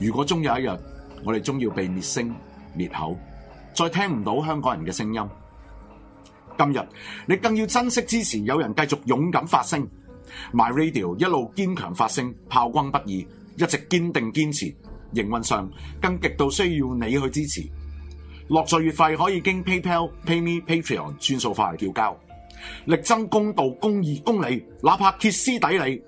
如果終有一日，我哋終要被滅聲滅口，再聽唔到香港人嘅聲音。今日你更要珍惜支持，有人繼續勇敢發聲，MyRadio 一路堅強發聲，炮轟不已，一直堅定堅持。營運上更極度需要你去支持。落座月費可以經 PayPal、PayMe、Patreon 轉數快嚟繳交，力爭公道、公義、公理，哪怕歇斯底里，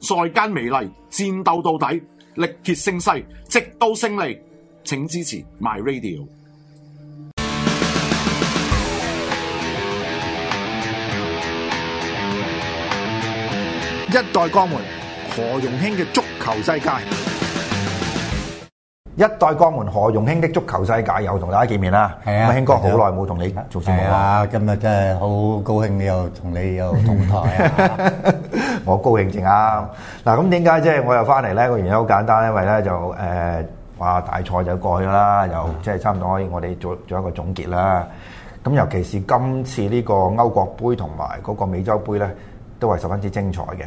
在間美利戰鬥到底。力竭勝勢，直到勝利。請支持 My Radio。一代鋼門何容興嘅足球世界。一代鋼門何容興的足球世界又同大家見面啦！係啊，興哥好耐冇同你做節目啦。今日真係好高興，你又同你又同台 啊！我高興正啱。嗱，咁點解即係我又翻嚟咧？個原因好簡單，因為咧就誒話、呃、大賽就過去啦，又即係差唔多可以我哋做做一個總結啦。咁尤其是今次呢個歐國杯同埋嗰個美洲杯咧，都係十分之精彩嘅。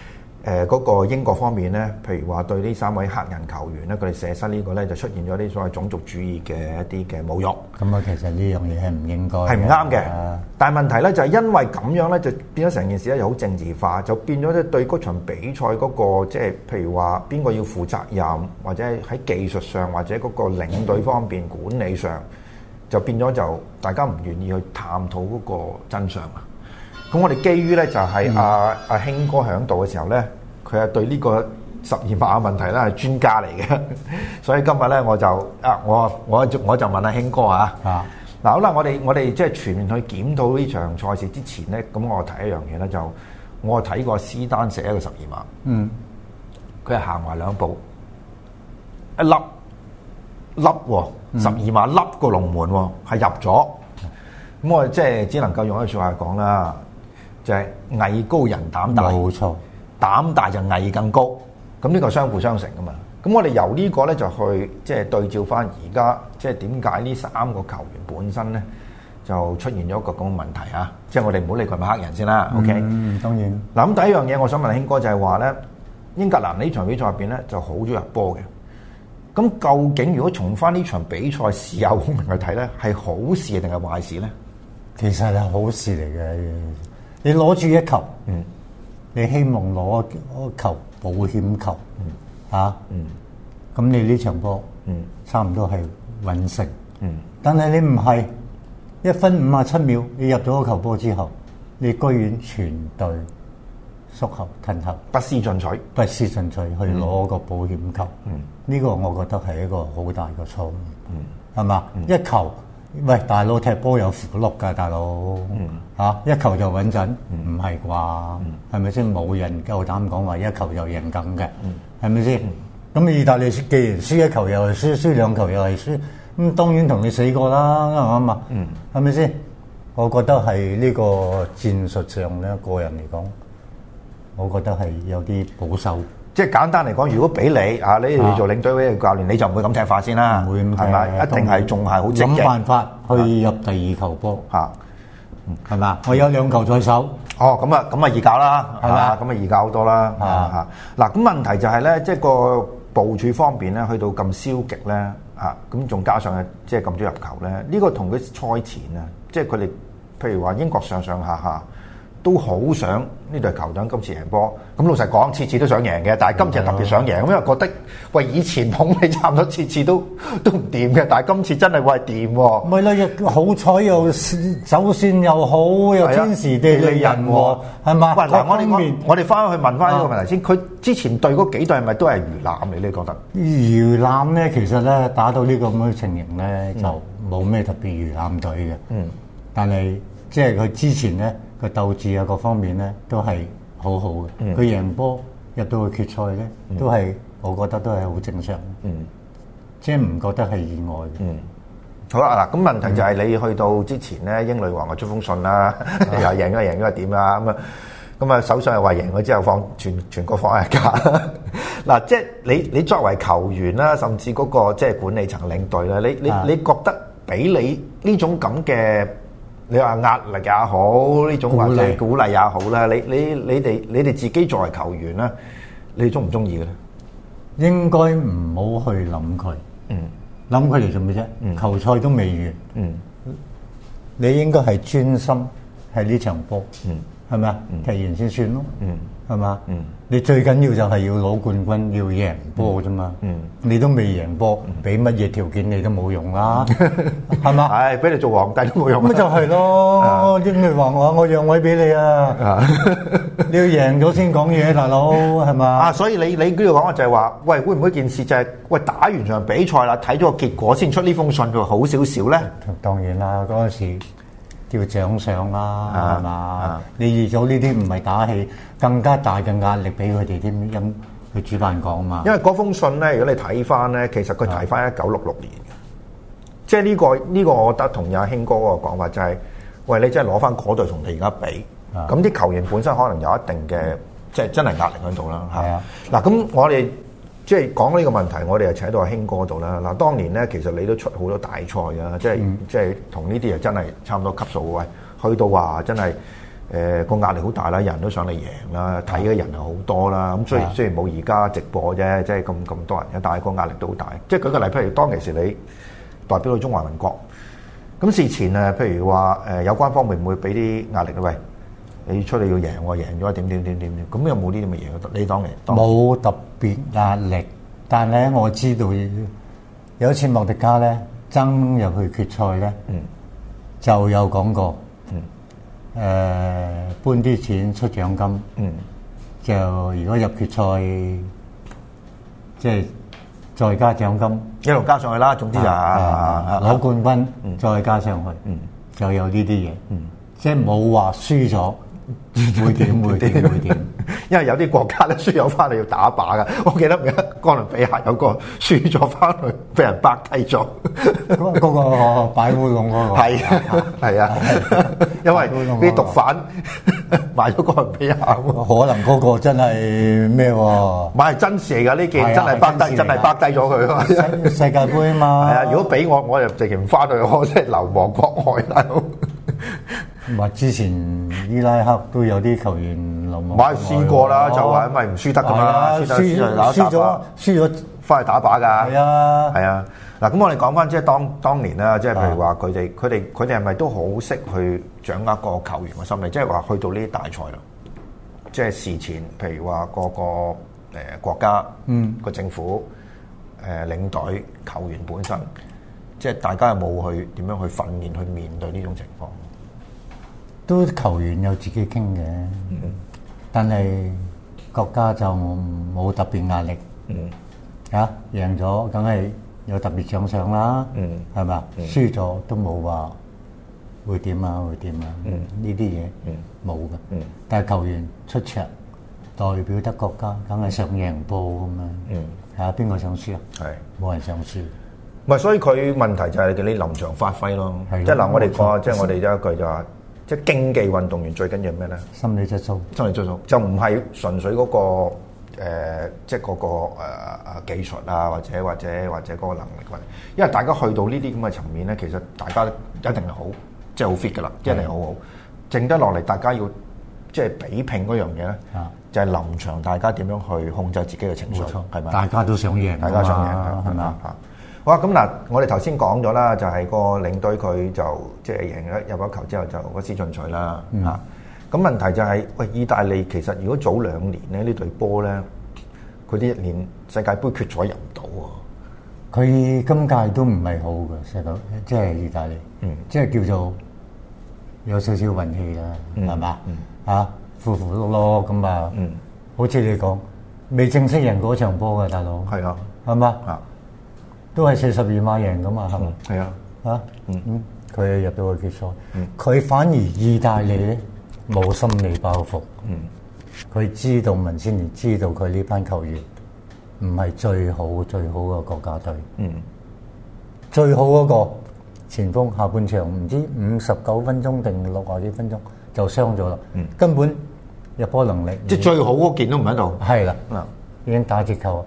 誒嗰、呃那個英國方面咧，譬如話對呢三位黑人球員咧，佢哋射失呢個咧，就出現咗啲所謂種族主義嘅一啲嘅侮辱。咁啊、嗯，其實呢樣嘢係唔應該，係唔啱嘅。啊、但係問題咧就係、是、因為咁樣咧，就變咗成件事咧又好政治化，就變咗咧對嗰場比賽嗰、那個即係譬如話邊個要負責任，或者喺技術上或者嗰個領隊方面、嗯、管理上，就變咗就大家唔願意去探討嗰個真相啊！咁我哋基於咧就係阿阿興哥喺度嘅時候咧，佢係對呢個十二碼嘅問題咧係專家嚟嘅，所以今日咧我就啊我我我就問阿興哥啊，嗱、啊、好啦，我哋我哋即係全面去檢討呢場賽事之前咧，咁我提一樣嘢咧就，我睇過斯丹射一個十二碼，嗯，佢係行埋兩步，一粒粒十、哦、二碼粒個龍門係、喔、入咗，咁我即係只能夠用一句説話講啦。就係藝高人膽大，冇錯。膽大就藝更高，咁呢個相輔相成噶嘛。咁我哋由個呢個咧就去即係、就是、對照翻而家，即係點解呢三個球員本身咧就出現咗一個咁嘅問題啊！即係我哋唔好理佢咪黑人先啦。嗯 OK，嗯，當然。嗱，咁第一樣嘢，我想問興哥就係話咧，英格蘭呢場比賽面呢入邊咧就好咗入波嘅。咁究竟如果從翻呢場比賽視野嘅角度睇咧，係好事定係壞事咧？其實係好事嚟嘅。你攞住一球，嗯、你希望攞個球保險球，嚇，咁、啊嗯、你呢場波、嗯、差唔多係穩勝，嗯、但係你唔係一分五啊七秒，你入咗球波之後，你居然全隊縮合吞合，不思進取，不思進取去攞個保險球，呢、嗯、個我覺得係一個好大嘅錯誤，係嘛？一球。喂，大佬踢波有符碌㗎，大佬嚇、嗯啊、一球就穩陣，唔係啩？係咪先？冇人夠膽講話一球就贏緊嘅？係咪先咁？吧嗯、意大利既然輸一球又係輸，輸兩球又係輸，咁、嗯、當然同你死過啦，係嘛？係咪先？我覺得係呢個戰術上咧，個人嚟講，我覺得係有啲保守。即係簡單嚟講，如果俾你啊，你做領隊或者教練，你就唔會咁踢法先啦。唔會咁踢法，一定係仲係好積極。有辦法去入第二球波，嚇，係咪啊？我有兩球在手。哦，咁啊，咁啊易搞啦，係咪啊？咁啊易搞好多啦，嚇嚇。嗱，咁問題就係咧，即係個部署方面咧，去到咁消極咧，嚇，咁仲加上即係撳咗入球咧，呢個同佢賽前啊，即係佢哋譬如話英國上上下下。都好想呢隊球隊今次贏波。咁老實講，次次都想贏嘅，但係今次特別想贏，因為覺得喂以前碰你差唔多，次次都都唔掂嘅，但係今次真係喂掂喎。咪咯，好彩又走線又好，又天時地利人和，係嘛？嗱，我我我我哋翻去問翻呢個問題先。佢之前對嗰幾隊係咪都係魚腩？你哋覺得魚腩咧，其實咧打到呢個咁嘅情形咧，就冇咩特別魚腩隊嘅。嗯，但係即係佢之前咧。個鬥志啊，各方面咧都係好好嘅。佢贏波入到去決賽咧，都係我覺得都係好正常，即係唔覺得係意外嘅。嗯，好啦嗱，咁問題就係你去到之前咧，英女王又出封信啦，又贏咗贏咗係點啊？咁啊咁啊，首相又話贏咗之後放全全國放假。嗱，即係你你作為球員啦，甚至嗰個即係管理層領隊啦，你你你覺得俾你呢種咁嘅？你話壓力也好，呢種話嘅鼓勵也好啦勵。你你你哋你哋自己作為球員啦，你中唔中意嘅咧？應該唔好去諗佢，諗佢嚟做咩啫？嗯、球賽都未完，嗯、你應該係專心係呢場波，係咪啊？踢吧、嗯、完先算咯。嗯嗯係嘛？你 最緊要就係要攞冠軍，要贏波啫嘛。嗯、你都未贏波，俾乜嘢條件你都冇用啦，係嘛 吧？係俾、哎、你做皇帝都冇用。咁、 嗯、就係咯，英女王我我讓位俾你啊！你 要贏咗先講嘢， 大佬係嘛？啊，所以你你呢句話就係話，喂，會唔會件事就係、是、喂打完，完場比賽啦，睇咗個結果先出呢封信佢好少少咧？當然啦，嗰時。叫獎相啦，係嘛吧？啊、你預咗呢啲唔係打氣，更加大嘅壓力俾佢哋啲咁嘅主辦講嘛。因為嗰封信咧，如果你睇翻咧，其實佢睇翻一九六六年嘅，即係呢個呢個，這個、我覺得同阿興哥個講法就係、是，喂，你真係攞翻嗰隊同你而家比，咁啲、啊、球員本身可能有一定嘅，即、就、係、是、真係壓力喺度啦。係啊，嗱、啊、咁、啊、我哋。即係講呢個問題，我哋又請到阿興哥度啦。嗱，當年咧，其實你都出好多大賽啊！即係、嗯、即係同呢啲係真係差唔多級數喂。去到話真係誒個壓力好大啦，人都上嚟贏啦，睇嘅人又好多啦。咁雖雖然冇而家直播啫，即係咁咁多人嘅，但係個壓力都好大。即係舉個例，譬如當其時你代表到中華民國，咁事前啊，譬如話誒、呃、有關方面唔會俾啲壓力咧，喂，你出嚟要贏喎、哦，怎麼怎麼怎麼有有贏咗點點點點點，咁又冇呢啲嘅嘢。你當年冇特別壓力，但係咧我知道，有一次莫迪加咧爭入去決賽咧，就有講過，誒、嗯呃、搬啲錢出獎金，嗯、就如果入決賽，即、就、係、是、再加獎金一路加上去啦。總之就攞、是嗯嗯嗯嗯、冠軍再加上去，嗯、就有呢啲嘢，嗯嗯、即係冇話輸咗。會點會點會點， 因為有啲國家咧，輸咗翻嚟要打靶噶。我記得唔記得哥倫比亞有個輸咗翻嚟俾人擺低咗，嗰 個擺烏龍嗰個係係 啊，啊啊 因為啲毒販 買咗哥倫比亞，可能嗰個真係咩喎？唔係、 啊、真事嚟噶，呢件 真係擺低， 真係擺低咗佢咯。 世界杯嘛，係 啊！如果俾我，我就直情唔翻去，我真係流亡國外啦。 唔係之前伊拉克都有啲球員流亡。買試過啦，哦、就係因為唔輸得咁樣啦，啊、輸輸咗，輸咗翻去打靶㗎。係啊，係啊。嗱，咁我哋講翻即係當當年啦，即係譬如話佢哋，佢哋，佢哋係咪都好識去掌握個球員嘅心理？即係話去到呢啲大賽啦，即係事前，譬如話個個誒國家、嗯個政府誒、呃、領隊、球員本身，即係大家有冇去點樣去訓練去面對呢種情況？都球員有自己傾嘅，但係國家就冇特別壓力。嚇贏咗梗係有特別獎賞啦，係咪？輸咗都冇話會點啊，會點啊？呢啲嘢冇㗎。但係球員出場代表得國家，梗係想贏波咁樣。嚇邊個想輸啊？係冇人想輸。唔係，所以佢問題就係你哋啲臨場發揮咯。即係嗱，我哋講即係我哋有一句就話。即係競技運動員最緊要咩咧？心理質素，心理質素就唔係純粹嗰、嗰個即係嗰個誒、呃、技術啊，或者或者或者嗰個能力。因為大家去到呢啲咁嘅層面咧，其實大家一定係好，即係好 fit 㗎啦，的一定係好好。剩得落嚟，大家要即係、就係、比拼嗰樣嘢咧，的就係臨場大家點樣去控制自己嘅情緒，係咪錯？吧大家都想贏，大家都想贏，係咪啊？好！咁嗱，我哋頭先講咗啦，就係個領隊佢就即係贏咗入咗球之後就開始進取啦嚇。咁問題就係，喂，意大利其實如果早兩年咧呢隊波咧，佢啲一年世界盃決賽入唔到喎。佢今屆都唔係好嘅，細佬，即係意大利，嗯，即係叫做有少少運氣啦，係嘛？嚇，符符碌碌咁啊，嗯，好似你講未正式贏過場波嘅大佬，係囉，係嘛？啊！都係四十二碼贏噶嘛，係咪？係、嗯、啊，嚇，嗯，佢入到去決賽，佢、嗯、反而意大利冇、嗯、心理包袱，嗯，佢知道文仙尼知道佢呢班球員唔係最好最好嘅國家隊，嗯，最好嗰個前鋒下半場唔知五十九分鐘定六啊幾分鐘就傷咗啦，嗯、根本入波能力即係最好嗰件都唔喺度，係啦，嗱。已經打折球，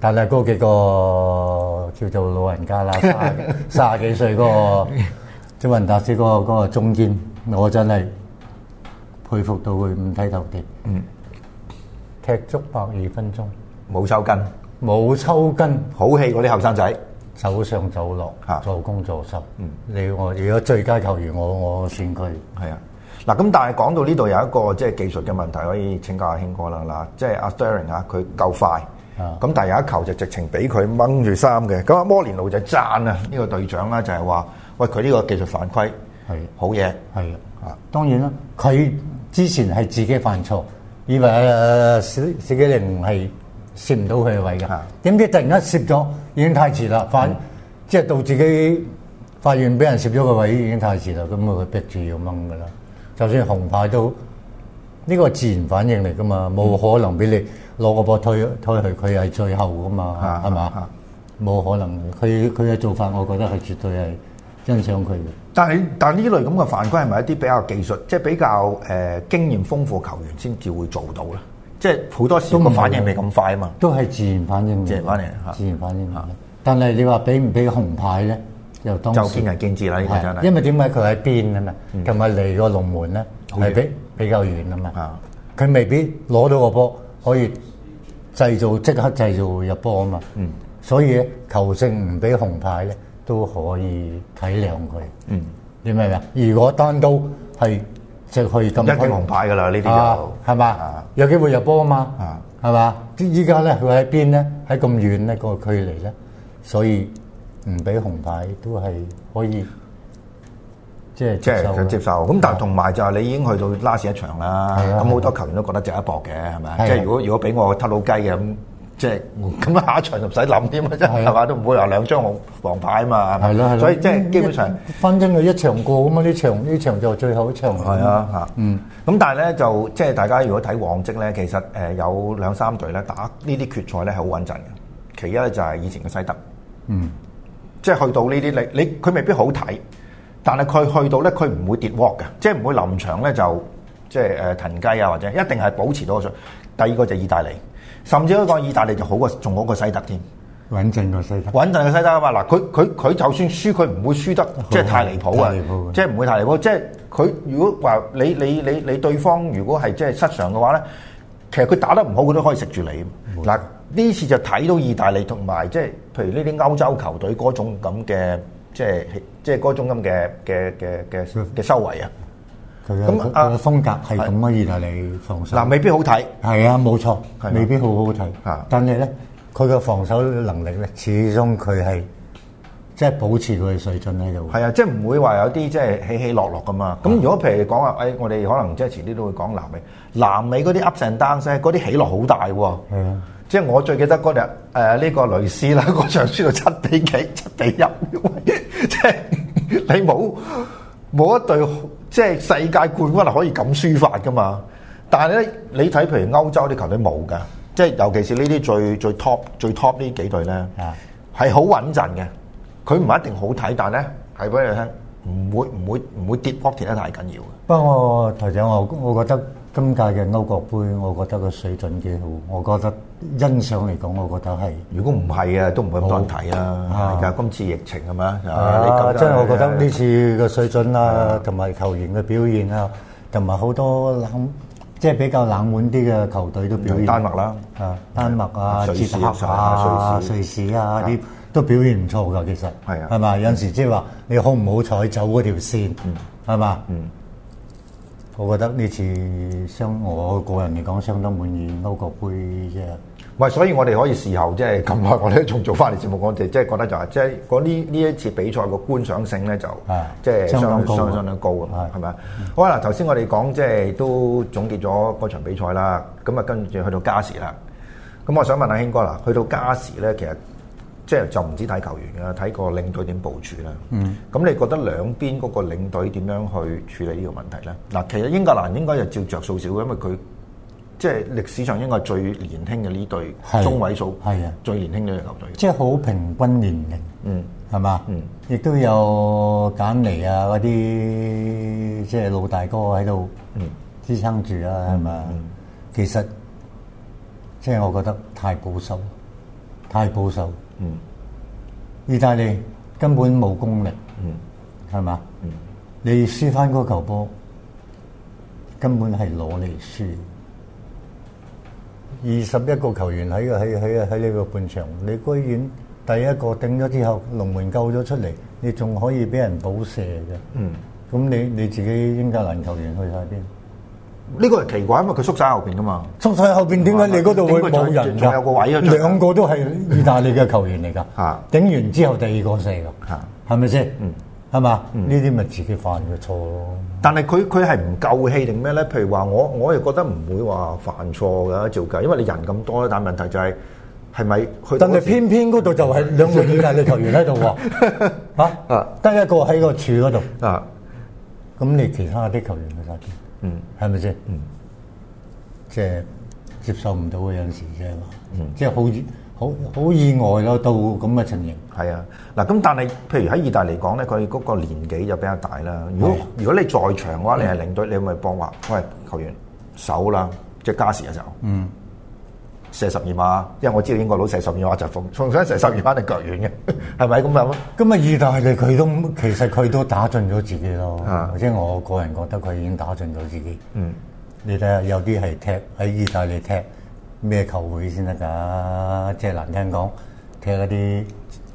但係嗰幾個叫做老人家啦，卅十幾歲嗰個祖雲達斯嗰個個中堅，我真係佩服到佢五體投地。嗯，踢足百二分鐘，冇抽筋，冇抽筋，抽筋好氣我啲後生仔，走上走落，做工作實、啊。嗯，你我如果最佳球員，我我選佢，係啊。嗱，咁但係講到呢度有一個即係技術嘅問題，可以請教阿興哥啦。嗱，即係阿 Sterling 啊，佢夠快，咁、啊、但有一球就直情俾佢掹住衫嘅。咁阿摩連奴就讚啊呢、呢個隊長啦，就係話：喂，佢呢個技術犯規係的好嘢。係的啊，當然啦，佢之前係自己犯錯，以為史史基寧係攝唔到佢嘅位嘅，點、啊、知突然間攝咗，已經太遲啦。反、嗯、即係到自己發現俾人攝咗個位，已經太遲啦。咁啊，佢逼住要掹嘅啦。就算紅牌都，呢、這個自然反應嚟㗎嘛，冇可能俾你攞個波推推佢，佢係最後㗎嘛，係嘛是？冇可能，佢佢嘅做法，我覺得係絕對係欣賞佢。但係但呢類咁嘅犯規係咪一啲比較技術，即係比較誒、呃、經驗豐富球員先至會做到咧？即係好多時個反應未咁不快啊嘛，都係自然反應嚟，自然反應下、嗯嗯。但係你話俾唔俾紅牌咧？就見仁見智啦，呢個真係。因為點解佢喺邊啊嘛？琴日嚟個龍門咧，係比比較遠啊嘛。佢未必攞到個波，可以製造即刻製造入波啊嘛。所以咧，球證唔俾紅牌咧，都可以體諒佢。你明唔明啊？如果單刀係即係咁，一定紅牌㗎啦。呢啲就係嘛，有機會入波啊嘛。係嘛？啲依家咧，佢喺邊咧？喺咁遠呢嗰個距離啫。所以。唔俾紅牌都係可以，即係即係想接受。咁但係同埋就係你已經去到 last 一場啦，咁好是的 多球員都覺得值得一搏嘅，係咪？即係如果如果俾我偷到雞嘅咁，即係咁下一場就唔使諗添嘛，即係係嘛？都唔會話兩張紅黃牌啊嘛。係咯，所以即係基本上分真係一場過咁啊！呢場呢場就最後一場。係啊，嚇，嗯。咁但係咧就即係大家如果睇往績咧，其實誒有兩三隊咧打呢啲決賽咧係好穩陣嘅。其一咧就係以前嘅西德，嗯。即係去到呢啲你你佢未必好睇，但係佢去到咧佢唔會跌鑊嘅，即係唔會臨場咧就即係誒騰雞啊或者，一定係保持到個數。第二個就係意大利，甚至可以講意大利就好過仲好過西德添，穩陣個西德。穩陣個西德啊嘛！嗱，佢佢佢就算輸，佢唔會輸得好即係太離譜啊！太離譜即係唔會太離譜。即係佢如果話你你你你對方如果係即係失常嘅話咧，其實佢打得唔好，佢都可以食住你嗱。呢次就睇到意大利同埋，即係譬如呢啲歐洲球隊嗰種咁嘅，即係即係嗰種咁嘅嘅嘅嘅嘅收圍啊。咁嘅嘅風格係咁啊。意的大利防守嗱未必好睇，係啊，冇錯，未必好好睇。的但係咧，佢嘅防守能力咧，始終佢係即係保持佢嘅水準喺度。係啊，即係唔會話有啲即係起起落落㗎嘛。咁的如果譬如講話誒，我哋可能即係遲啲都會講南美，南美嗰啲 Ups and Downs 咧，嗰啲起落好大喎。係啊。即係我最記得嗰日，誒呢個雷斯啦，嗰場輸到七比幾、七比一，即係你冇冇一隊即係世界冠軍係可以咁輸法噶嘛？但係咧，你睇譬如歐洲啲球隊冇㗎，即係尤其是呢啲最最 top 最 top 呢幾隊咧，係好穩陣嘅。佢唔係一定好睇，但係咧，係俾你聽，唔會唔會唔會跌波跌得太緊要。不過台長，我我覺得。今屆嘅歐國杯，我覺得個水準幾好。我覺得欣賞嚟講，我覺得係。如果唔係啊，都唔會咁多人睇啦。啊，但今次疫情係嘛，啊？啊，真係我覺得呢次個水準啊，同埋球員嘅表現啊，同埋好多冷，即係比較冷門啲嘅球隊都表現。丹麥啦，啊，丹麥啊，捷克啊，瑞士啊，啲都表現唔錯㗎，其實係啊，係咪有陣時即係話你好唔好彩走嗰條線？嗯，係嘛？嗯。我覺得呢次相我個人嚟講相當滿意歐國杯啫。唔係，所以我哋可以事後即係咁耐，我哋都仲做翻啲節目講，我哋即係覺得就係、是、即係講呢呢一次比賽個觀賞性咧就即係相相當高啊，係咪啊？好啦，頭先我哋講即係都總結咗嗰場比賽啦，咁啊跟住去到加時啦。咁我想問阿興哥啦，去到加時咧，其實。即係就唔知睇球員啦，睇個領隊點部署啦。咁、嗯、你覺得兩邊嗰個領隊點樣去處理呢個問題咧？嗱，其實英格蘭應該就照着數少嘅，因為佢即係歷史上應該最年輕嘅呢隊是中位數，係啊，最年輕嘅球隊。即係好平均年齡，嗯，係嘛吧？嗯，亦都有簡尼啊嗰啲，即係老大哥喺度，嗯，支撐住啊，係嘛、嗯？其實，即係我覺得太保守，太保守。嗯，意大利根本冇功力，嗯，係咪，嗯，你輸翻嗰球波，根本係攞嚟輸。二十一個球員喺喺喺喺呢個半場，你居然第一個頂咗之後龍門救咗出嚟，你仲可以俾人補射嘅，嗯，咁你你自己英格蘭球員去晒邊？呢個係奇怪，因為佢縮晒後邊噶嘛。縮晒後邊，點解你嗰度會冇人噶？兩個都係意大利嘅球員嚟噶。吓，頂完之後第二個四啊，係咪先？嗯，係嘛？呢啲咪自己犯嘅錯咯。但係佢佢係唔夠氣定咩咧？譬如話我，我又覺得唔會話犯錯噶，照計，因為你人咁多，但係問題就係係咪佢？但係偏偏嗰度就係兩個意大利球員喺度喎。吓，得一個喺個柱嗰度。啊，咁你其他啲球員去晒。嗯，係咪先？嗯即，即係接受唔到嘅有陣時啫嘛，嗯即，即係好好好意外咯，到咁嘅情形。係、嗯、啊，嗱咁但係，譬如喺意大利嚟講咧，佢嗰個年紀就比較大啦。如果、嗯、如果你在場嘅話，你係領隊，嗯、你咪幫話，喂球員守啦，即係加時嘅時候。嗯。射十二碼，因為我知道英國佬射十二碼就瘋，仲想射十二碼定腳軟嘅，係咪咁啊？咁啊，意大利佢都其實佢都打盡咗自己咯，或者、啊、我個人覺得佢已經打盡咗自己。嗯，你睇下有啲係踢喺意大利踢咩球會先得㗎，即係難聽講踢一啲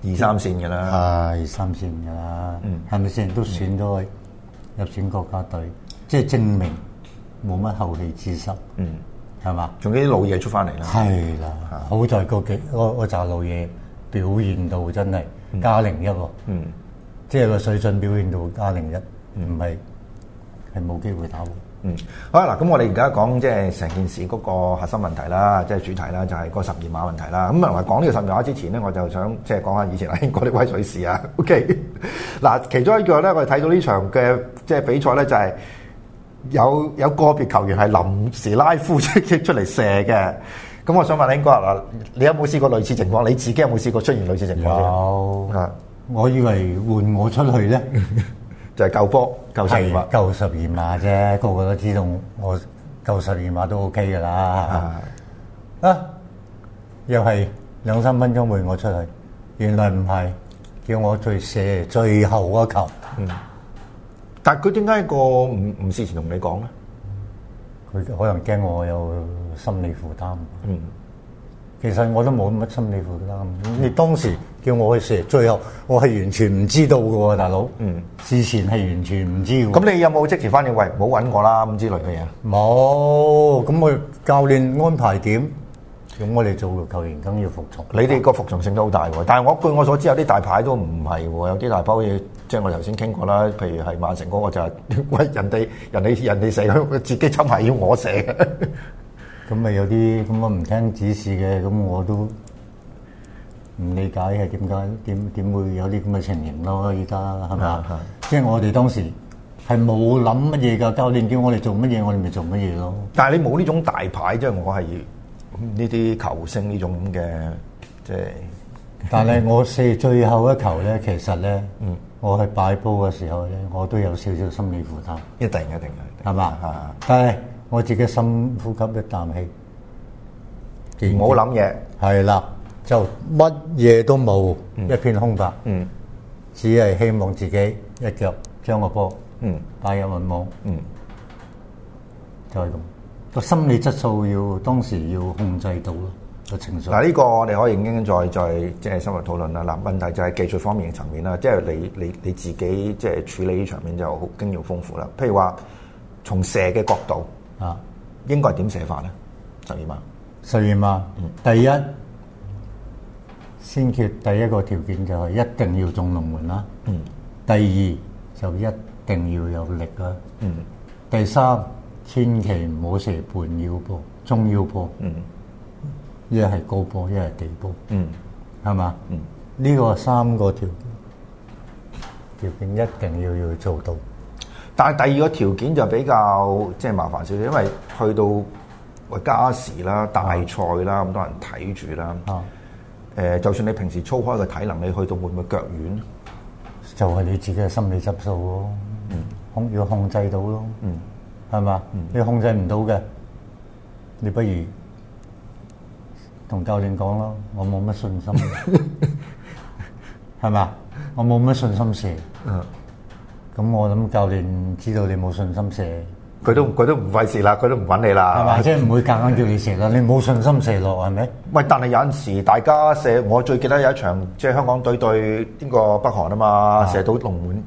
二線三線㗎啦，二、哎、三線㗎啦，嗯，係咪先都選咗入選國家隊，嗯、即係證明冇乜後備資質。嗯。係嘛？仲有啲老嘢出翻嚟啦。係啦的，的好在嗰幾我就扎老嘢表現到真係加零一喎。嗯，即係個水準表現到加零一，唔係係冇機會打和。嗯，嗯好啦，嗱，咁我哋而家講即係成件事嗰個核心問題啦，即係主題啦，就係個十二碼問題啦。咁同埋講呢個十二碼之前咧，我就想即係講下以前嗱英國啲威水事啊。OK，嗱，其中一個咧，我哋睇到呢場嘅即係比賽咧，就係。有有個別球員係臨時拉夫出出嚟射嘅，咁我想問興哥嗱，你有冇試過類似情況？你自己有冇試過出現類似情況？有，嗯、我以為換我出去咧，就係救波、救十二碼、救十二碼啫。 個個都知道我救十二碼都 OK 嘅啦。的啊，又係兩三分鐘換我出去，原來唔係，叫我去射最後一球。嗯但佢點解個唔唔事前同你講咧？佢可能驚我有心理負擔。嗯，其實我都冇乜心理負擔。嗯，你當時叫我去射，最後我係完全唔知道噶，大佬。嗯，事前係完全唔知。咁你有冇即時翻你，喂，唔好搵我啦咁之類嘅嘢？冇。咁我教練安排點？咁我哋做球員梗要服從。你哋個服從性都好大喎，但係我據我所知有啲大牌都唔係喎，有啲大包嘢，即係我頭先傾過啦。譬如係曼城嗰個就係喂，人哋人哋人哋射嘅，自己抄埋要我射嘅。咁咪有啲咁樣唔聽指示嘅，咁我都唔理解係點解點點會有啲咁嘅情形咯？依家係咪啊？即係我哋當時係冇諗乜嘢㗎，教練叫我哋做乜嘢，我哋咪做乜嘢咯。但係你冇呢種大牌，即係我係。呢啲球星呢種咁嘅，即係，但係我射最後一球咧，其實咧，嗯，我去擺波嘅時候咧，我都有少少心理負擔，一定一定嘅，係嘛，係，但係，我自己深呼吸一啖氣，唔好諗嘢，係啦，就乜嘢都冇，一片空白，嗯，只係希望自己一腳將個波，嗯，擺入雲網，嗯，就係咁。個心理質素要當時要控制到咯，情緒個情緒。嗱，呢個我哋可以再再即係深入討論啦。嗱，問題就係技術方面嘅層面啦，即係你你你自己即係處理呢場面就好經驗豐富啦。譬如話，從射嘅角度啊，應該係點射法咧？十二碼，十二碼。嗯、第一，先決第一個條件就係一定要中龍門啦。嗯。第二就一定要有力啦。嗯。嗯，第三。千祈唔好射半腰波，中腰波，一係、嗯、高波，一係地波，係嘛？呢個三個條件條件一定要要做到。但係第二個條件就比較即係麻煩少少，因為去到或加時啦、大賽啦咁多人睇住啦，誒、啊呃，就算你平時操開個體能，你去到會唔會腳軟？就係你自己嘅心理質素咯，控、嗯、要控制到咯。嗯係嘛？你控制唔到嘅，你不如同教練講咯。我冇乜信心，係嘛？ 我冇乜信心射。嗯，咁我諗教練知道你冇信心射，佢、嗯、都佢都唔費事啦，佢都唔揾你啦，係嘛？即係唔會夾硬，硬叫你射啦。 你冇信心射落係咪？喂，但係有陣時大家射，我最記得有一場即係、就是、香港隊對邊個北韓啊嘛，射到龍門。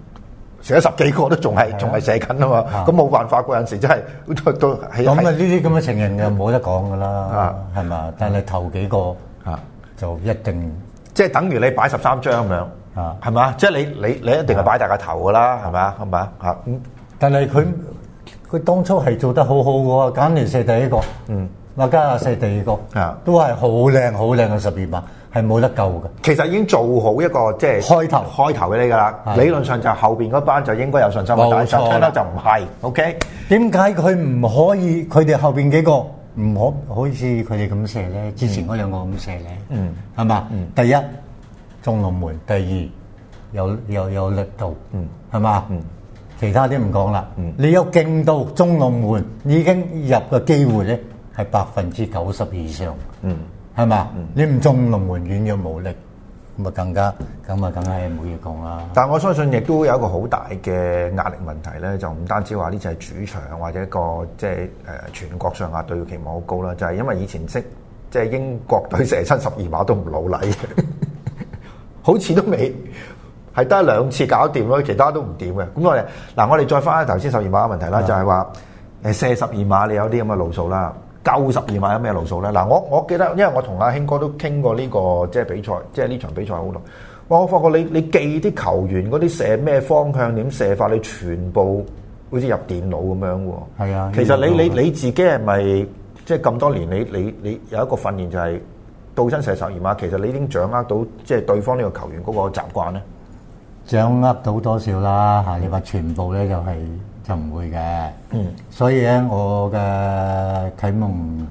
成十幾個都仲係仲係寫緊啊嘛，咁冇辦法嗰陣時真係都都咁啊，呢啲咁嘅情形就冇得講噶啦，係嘛？但係投幾個啊，就一定即係等於你擺十三張咁樣啊，係嘛？即係你你你一定係擺大個頭噶啦，係嘛？係嘛？嚇！但係佢佢當初係做得好好嘅喎，簡年寫第一個，嗯，麥嘉亞寫第二個，啊，都係好靚好靚嘅十二嘛。係冇得救嘅，其實已經做好一個即係開頭開頭嘅呢個啦。的理論上就後邊嗰班就應該有信心，但係聽得就唔係。O K，點解佢唔可以佢哋後邊幾個唔可好似佢哋咁射咧？之前嗰兩個咁射咧，嗯，係嘛？嗯、第一中龍門，第二有有有，有力度，嗯，係嘛吧？嗯，其他啲唔講啦。嗯、你有勁到中龍門已經入嘅機會咧係百分之九十以上。嗯。係嘛？嗯、你唔中龍門軟弱無力，咁咪更加，咁、嗯、啊，梗係每月降啦。但係我相信亦都有一個好大嘅壓力問題咧，就唔單止話呢隻係主場或者一個即係誒全國上下對佢期望好高啦，就係、是、因為以前即即、就是、英國隊射出十二碼都唔老禮， 好似都未係得兩次搞掂咯，其他都唔掂嘅。咁我哋嗱，我哋再翻頭先十二碼嘅問題啦，嗯、就係話誒射十二碼，你有啲咁嘅路數啦。夠十二碼有咩路數咧？嗱，我我記得，因為我同阿興哥都傾過呢個即係比賽，即係呢場比賽好耐。哇！我發覺你你記啲球員嗰啲射咩方向、點射法，你全部好似入電腦咁樣喎。係啊，其實你你你自己係咪即係咁多年你你你有一個訓練就係到身射十二碼，其實你已經掌握到即係對方呢個球員嗰個習慣咧。掌握到多少啦？嚇！你話全部咧就係。就唔會嘅，嗯，所以咧，我嘅啟蒙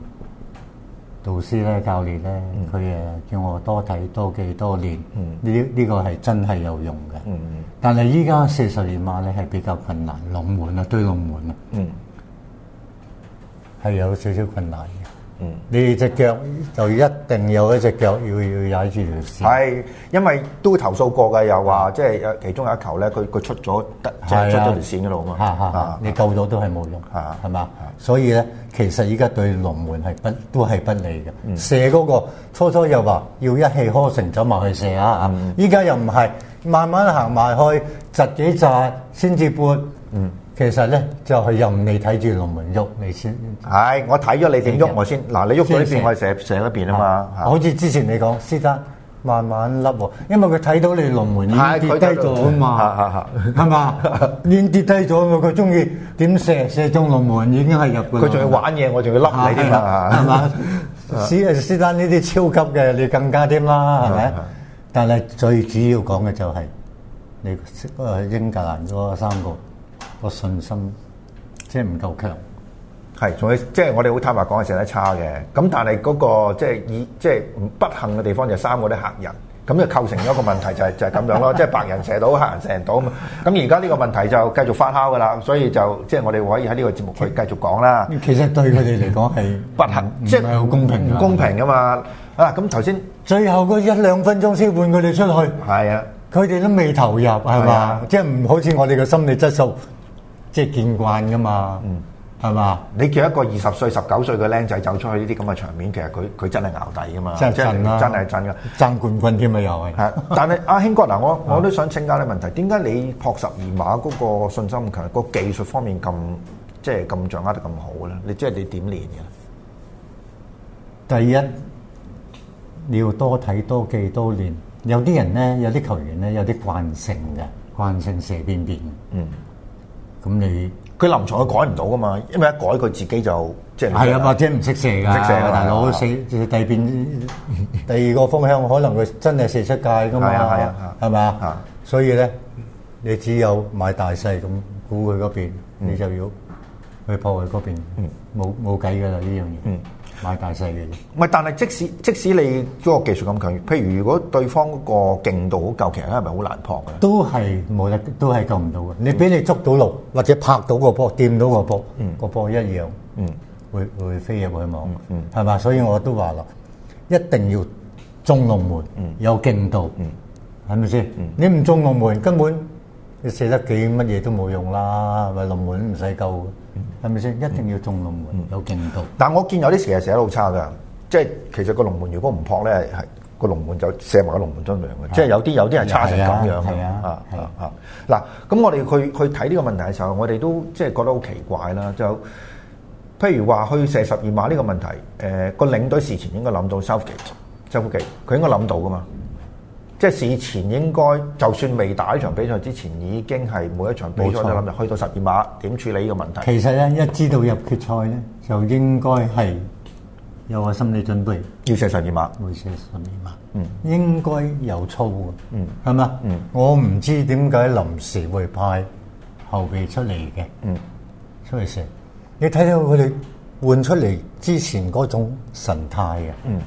導師咧，教練咧，佢誒叫我多睇，多記，多練，嗯，呢呢個係真係有用嘅。嗯，但係依家四十年碼咧係比較困難，龍門啊，堆龍門啊，嗯，係有少少困難。嗯、你隻腳就一定有一隻腳要要踩住條線，係因為都投訴過嘅，又話即係有其中有一球咧，佢佢出咗出咗條線嘅路啊嘛，啊啊啊你救咗都係冇用，係嘛、啊？吧啊啊、所以咧，其實依家對龍門係不都係不利嘅。嗯、射嗰、嗰個初初又話要一氣呵成走埋去射啊，依、嗯、家又唔係慢慢行埋去，窒幾扎先至波。嗯嗯其實咧就係任你睇住龍門喐你先，係我睇咗你點喐我先。嗱你喐到先，邊，我射射嗰邊啊嘛。好似之前你講斯丹慢慢笠，因為佢睇到你龍門已經跌低咗啊嘛。係嘛，已經跌低咗，佢中意點射射中龍門已經係入嘅。佢仲要玩嘢，我仲要笠你添，係嘛？斯斯丹呢啲超級嘅，你更加添啦，係咪？但係最主要講嘅就係你嗰個英格蘭嗰三個。個信心即係唔夠強，係仲要即係我哋好坦白講，係射得差嘅。咁但係嗰個即係以即係不幸嘅地方就係三嗰啲客人，咁就構成咗一個問題，就是，就係就係咁樣咯。 即係白人射到，黑人射唔到啊嘛。咁而家呢個問題就繼續發酵噶啦，所以就即係我哋可以喺呢個節目去繼續講啦。其實對佢哋嚟講係不幸，即係唔係好公平，唔公平噶嘛。啊吧，咁頭先最後嗰一兩分鐘先換佢哋出去，係啊，佢哋都未投入係嘛，即係唔好似我哋嘅心理質素。 即係見慣噶嘛，嗯，係嘛？你叫一個二十歲、十九歲嘅僆仔走出去呢啲咁嘅場面，其實佢佢真係淆底噶嘛，真係震啦，真係震噶，爭冠軍添啊又係。係，但係阿興哥嗱，我我都想請教你問題，點解你撲十二碼嗰個信心強，個技術方面咁即係咁掌握得咁好咧？你即係你點練嘅咧？第一，你要多睇多記多練。有啲人咧，有啲球員咧，有啲慣性嘅，慣性射邊邊。嗯。咁那你佢臨場佢改唔到噶嘛？因為一改佢自己就，即係係啊，或者唔識射噶，唔識射啊，大佬射第二邊第二個方向可能佢真係射出界噶嘛，係啊，係咪啊？啊吧啊，所以咧，你只有買大細咁估佢嗰邊。嗯、你就要去破壞嗰邊，冇冇計噶啦呢樣嘢。買大細嘅，唔係，但係即使即使你嗰個技術咁強，譬如如果對方嗰個勁度好夠，其實咧係咪好難撲嘅？都係冇力，都係救唔到嘅。你俾你捉到路，或者拍到個波，掂到個波，個波一樣，會會飛入去網，係嘛？所以我都話啦，一定要中龍門，有勁度，係咪先？你唔中龍門，根本你射得幾乜嘢都冇用啦，係咪龍門唔使救。係咪先？嗯、係咪一定要中龍門、嗯、有勁度？但我見有啲時係寫得好差噶，即係其實個龍門如果唔撲咧，係個龍門就射埋個龍門樽量嘅。啊、即係有啲有啲係差成咁樣啊啊啊！嗱，咁我哋去去睇呢個問題嘅時候，我哋都即係覺得好奇怪啦。就譬如話去射十二碼呢個問題，誒、呃、個領隊事前應該諗到修夫基，修夫基佢應該諗到噶嘛。即係事前應該，就算未打一場比賽之前，已經係每一場比賽都諗住去到十二碼點處理呢個問題。其實咧，一知道入決賽咧，就應該係有個心理準備，要射十二碼，會射十二碼。嗯，應該有操嘅。嗯，係嘛吧？嗯，我唔知點解臨時會派後備出嚟嘅。嗯，所以你睇到佢哋換出嚟之前嗰種神態嘅，嗯，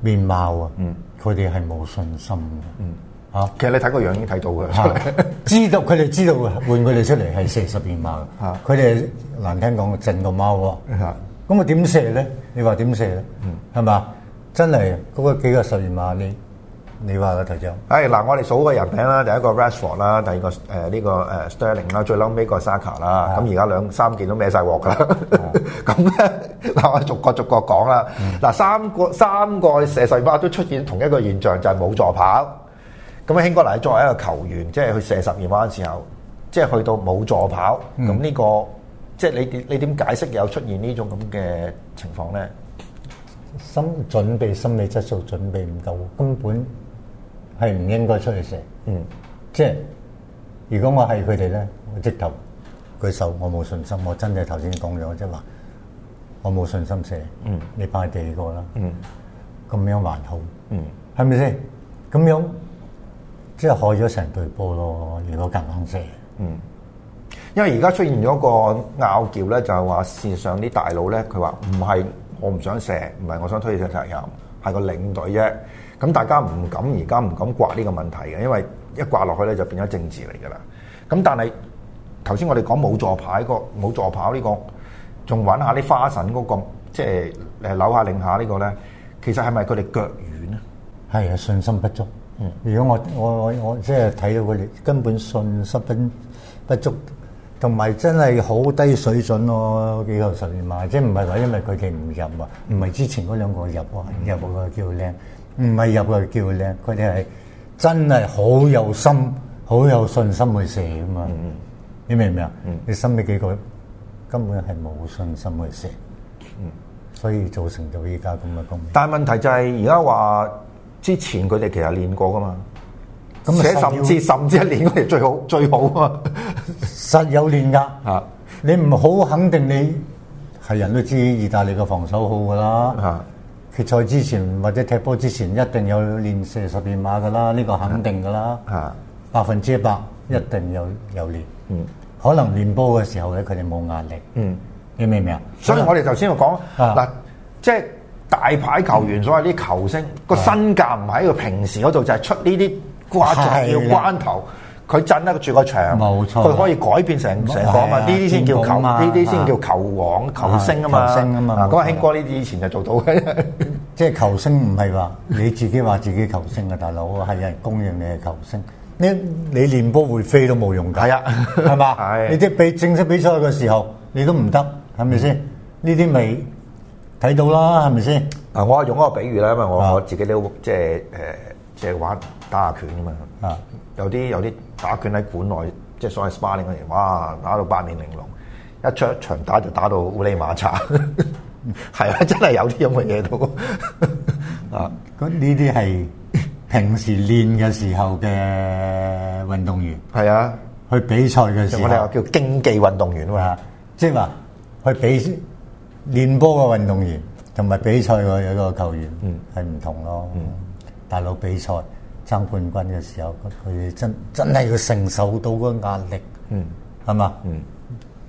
面貌啊，嗯。佢哋係冇信心嘅，嚇、嗯！啊、其實你睇個樣已經睇到嘅，的 知道佢哋知道嘅，換佢哋出嚟係射十二碼嘅，佢哋 難聽講淨個貓喎，嚇！咁我點射咧？你話點射咧？嗯，係嘛？真係嗰、那個幾個十二碼你？你話、嗯、啦，頭先。係嗱，我哋數個人名啦，第一個 Rashford 啦，第二個誒呢個誒 Sterling 啦，最嬲尾個 Saka 啦、嗯。咁而家兩三件都孭晒鑊啦。咁咧，嗱我逐個逐個講啦。嗱三個三個射十二碼都出現同一個現象，就係、是、冇助跑。咁啊，興哥，嗱作為一個球員，即係去射十二碼嘅時候，即係去到冇助跑，咁呢、嗯呢個即係你你點解釋有出現呢種咁嘅情況咧？心、嗯、準備、心理質素準備唔夠，根本。係唔應該出去射？嗯，即係如果我係佢哋咧，我直頭舉手我冇信心，我真係頭先講咗，即係話我冇信心射。嗯，你派第二個啦。嗯，咁樣還好。嗯，係咪先？咁樣即係害咗成隊波咯。如果夾硬，硬射，嗯，因為而家出現咗個拗撬咧，就係、是、話事上啲大佬咧，佢話唔係我唔想射，唔係我想推卸責任，係個領隊啫。咁大家唔敢而家唔敢刮呢個問題嘅，因為一刮落去咧就變咗政治嚟噶啦。咁但係頭先我哋講冇助牌個冇助跑呢個，仲揾下啲花神嗰個，即係誒扭下擰下呢個咧，其實係咪佢哋腳軟啊？係啊，信心不足。嗯，如果我我我我即係睇到佢哋根本信心不不足，同埋真係好低水準咯。幾個十年嘛即係唔係話因為佢哋唔入啊？唔係之前嗰兩個入啊，入個叫靚。唔係入佢叫佢佢哋係真係好有心、好有信心去射啊嘛！你明唔明啊？你心裏幾個根本係冇信心去射，所以造成到依家咁嘅局面。但係問題就係，而家話之前佢哋其實練過噶嘛？而且甚至甚至一年嗰哋最好最好啊！嗯、實有練㗎。啊！你唔好肯定，你係人都知意大利嘅防守好㗎啦。嗯決賽之前或者踢波之前一定有練射十二碼㗎啦，呢個肯定㗎啦，百分之一百一定有有練。可能練波嘅時候咧，佢哋冇壓力。你明唔明啊？所以我哋頭先我講嗱，即係大牌球員所謂啲球星，個身價唔喺個平時嗰度，就係出呢啲關鍵關頭，佢鎮得住個場，佢可以改變成成局嘛。呢啲先叫球，呢啲先叫球王球星啊嘛。球星啊嘛。嗱，咁興哥呢啲以前就做到嘅。即係球星唔係話你自己話自己球星啊，大佬，係人公認你係球星。你你練波會飛都冇用㗎，係是啊吧，係嘛？係。你即係比正式比賽嘅時候，你都唔得，係咪先？呢啲咪睇到啦，係咪先？啊，我用一個比喻啦，因為我是、啊、我自己咧，即係誒，即係玩打下拳啊嘛。啊，有啲有啲打拳喺館內，即係所謂 sparring 嗰啲，哇，打到八面玲瓏，一出一場打就打到烏哩馬茶。 係啊，真係有啲咁嘅嘢到。啊，咁呢啲係平時練嘅時候嘅運動員。係啊，去比賽嘅時候。我哋話叫競技運動員啊，即係話去比練波嘅運動員，同埋比賽嘅一個球員係唔同咯。嗯，大陸比賽爭冠軍嘅時候，佢真真係要承受到個壓力。嗯，係嘛？嗯。